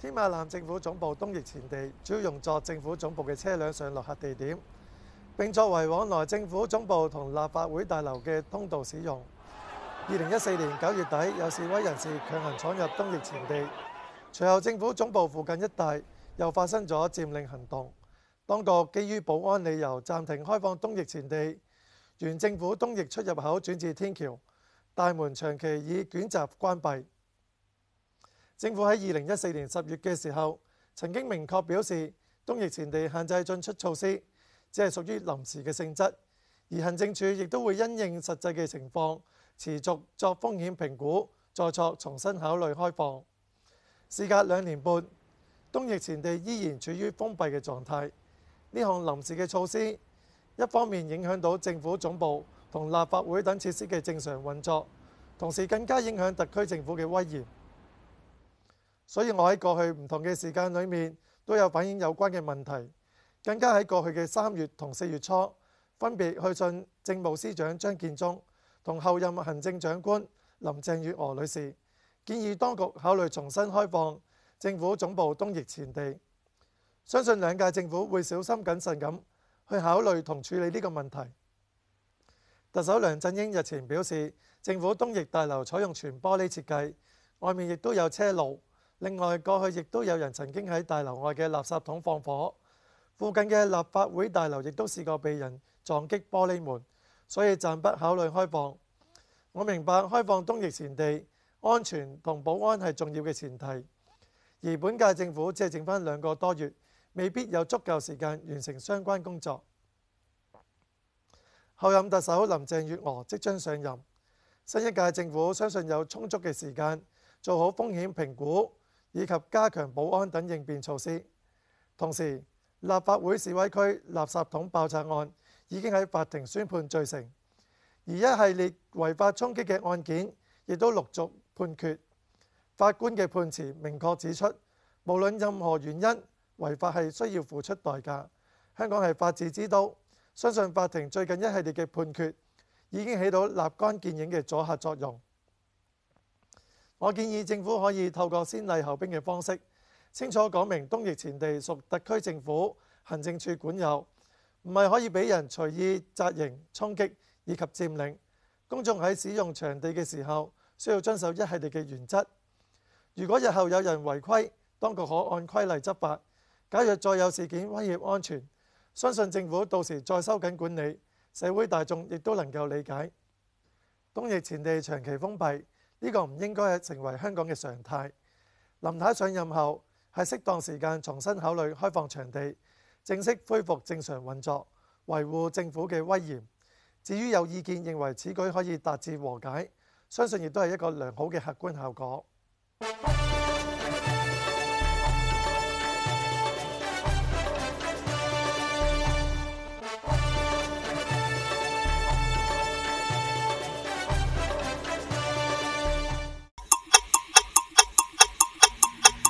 添馬艦政府總部東翼前地主要用作政府總部嘅車輛上落客地點，並作為往來政府總部同立法會大樓嘅通道使用。二零一四年九月底，有示威人士強行闖入東翼前地，隨後政府總部附近一帶又發生咗佔領行動。當局基於保安理由暫停開放東翼前地，原政府東翼出入口轉至天橋，大門長期以捲閘關閉。政府喺二零一四年十月嘅時候，曾經明確表示，東翼前地限制進出措施只係屬於臨時嘅性質，而行政署亦都會因應實際嘅情況，持續作風險評估，再作重新考慮開放。事隔兩年半，東翼前地依然處於封閉嘅狀態。呢項臨時嘅措施，一方面影響到政府總部同立法會等設施嘅正常運作，同時更加影響特區政府嘅威嚴。所以我喺過去唔同嘅時間裏面都有反映有關嘅問題，更加喺過去嘅三月同四月初分別去信政務司長張建宗同後任行政長官林鄭月娥女士，建議當局考慮重新開放政府總部東翼前地。相信兩屆政府會小心謹慎咁去考慮同處理呢個問題。特首梁振英日前表示，政府東翼大樓採用全玻璃設計，外面亦都有車路。另外，過去亦都有人曾經喺大樓外嘅垃圾桶放火，附近嘅立法會大樓亦都試過被人撞擊玻璃門，所以暫不考慮開放。我明白開放東翼前地，安全同保安係重要嘅前提，而本屆政府只係剩返兩個多月，未必有足夠時間完成相關工作。候任特首林鄭月娥即將上任，新一屆政府相信有充足嘅時間做好風險評估。以及加強保安等應變措施，同時立法會示威區垃圾桶爆炸案已經喺法庭宣判罪成，而一系列違法衝擊嘅案件亦都陸續判決。法官嘅判詞明確指出，無論任何原因，違法係需要付出代價。香港係法治之都，相信法庭最近一系列嘅判決已經起到立竿見影嘅阻嚇作用。我建議政府可以透過先禮後兵嘅方式，清楚講明東翼前地屬特區政府行政署管有，唔係可以俾人隨意紮營、衝擊以及佔領。公眾喺使用場地嘅時候，需要遵守一系列嘅原則。如果日後有人違規，當局可按規例執法。假若再有事件威脅安全，相信政府到時再收緊管理，社會大眾亦都能夠理解。東翼前地長期封閉。呢個唔應該係成為香港嘅常態。林太上任後喺適當時間重新考慮開放場地，正式恢復正常運作，維護政府嘅威嚴。至於有意見認為此舉可以達至和解，相信亦都係一個良好嘅客觀效果。